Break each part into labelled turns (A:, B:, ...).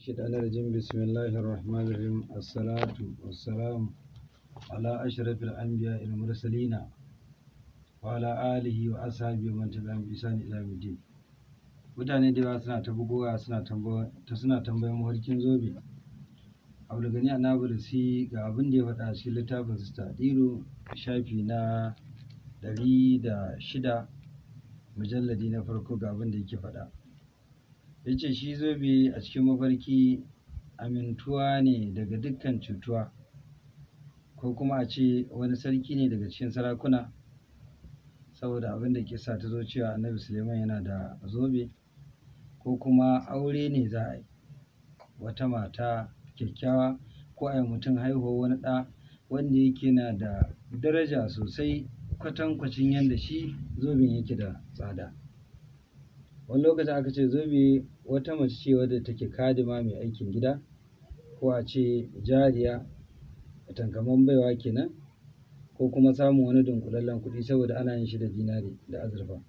A: shidanar jin bismillahir rahmanir assalatu wassalam ala ashrafil anbiya il mursalina wa ala alihi wa ashabi wa man tabi'ahum ila yawmiddin mutane da ba suna ta bugowa suna tambaya ta suna tambayan muhalkin zobe abu gani a nabirsi ga abin da ya faɗa shi littafin su shafi na ɗari da shida mujalladi na farko ga abin da yake faɗa ya ce shi zobe a cikin mafarki amintuwa ne daga dukkan cutuwa ko kuma a ce wani sarki ne daga cikin sarakuna saboda abin da ke sa ta zo cewa annabi suleiman yana da zobe ko kuma aure ne za a yi wata mata kyakkyawa ko a yi mutum haihuwa wani ɗa wanda yake na da daraja sosai kwatankwacin yadda shi zobin yake da tsada wani lokacin aka ce zobe wata mace ce wadda take kadima mai aikin gida ko a ce jariya tankaman baiwa kenan ko kuma samun wani dunkulallen kuɗi saboda ana yin shi da dinari da azurfa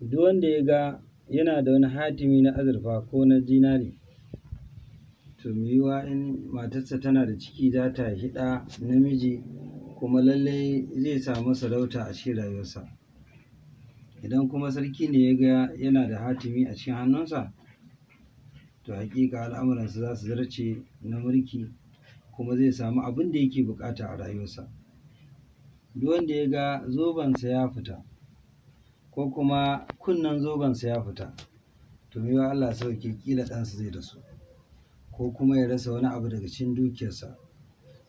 A: duk wanda ya ga yana da wani hatimi na azurfa ko na dinari to yiwuwa in matarsa tana da ciki za ta hida namiji kuma lallai zai samu sarauta a cikin rayuwarsa idan kuma sarki ne ya ga yana da hatimi a cikin hannunsa to hakika al'amuransa za su zarce na mulki kuma zai samu abin da yake bukata a rayuwarsa duk wanda ya ga zobensa ya fita ko kuma kunnen zobensa ya fita to mewa Allah sauke kila ɗansa zai rasu ko kuma ya rasa wani abu daga cikin dukiyarsa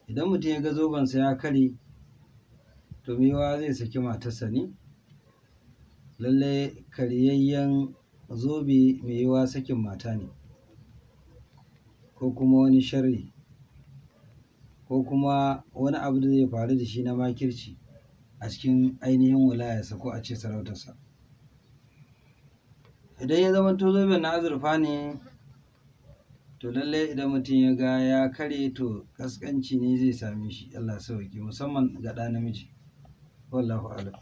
A: idan mutum ya ga zobensa ya kare to mewa zai saki matarsa ne lallai karyayyen zobe mai yiwa sakin mata ne ko kuma wani sharri ko kuma wani abu da zai faru da shi na makirci a cikin ainihin wilayarsa ko a ce sarautarsa idan ya zama to zobe na azurfa ne to lallai idan mutum ya ga ya kare to kaskanci ne zai same shi allah sauki musamman ga ɗa namiji wallahu alam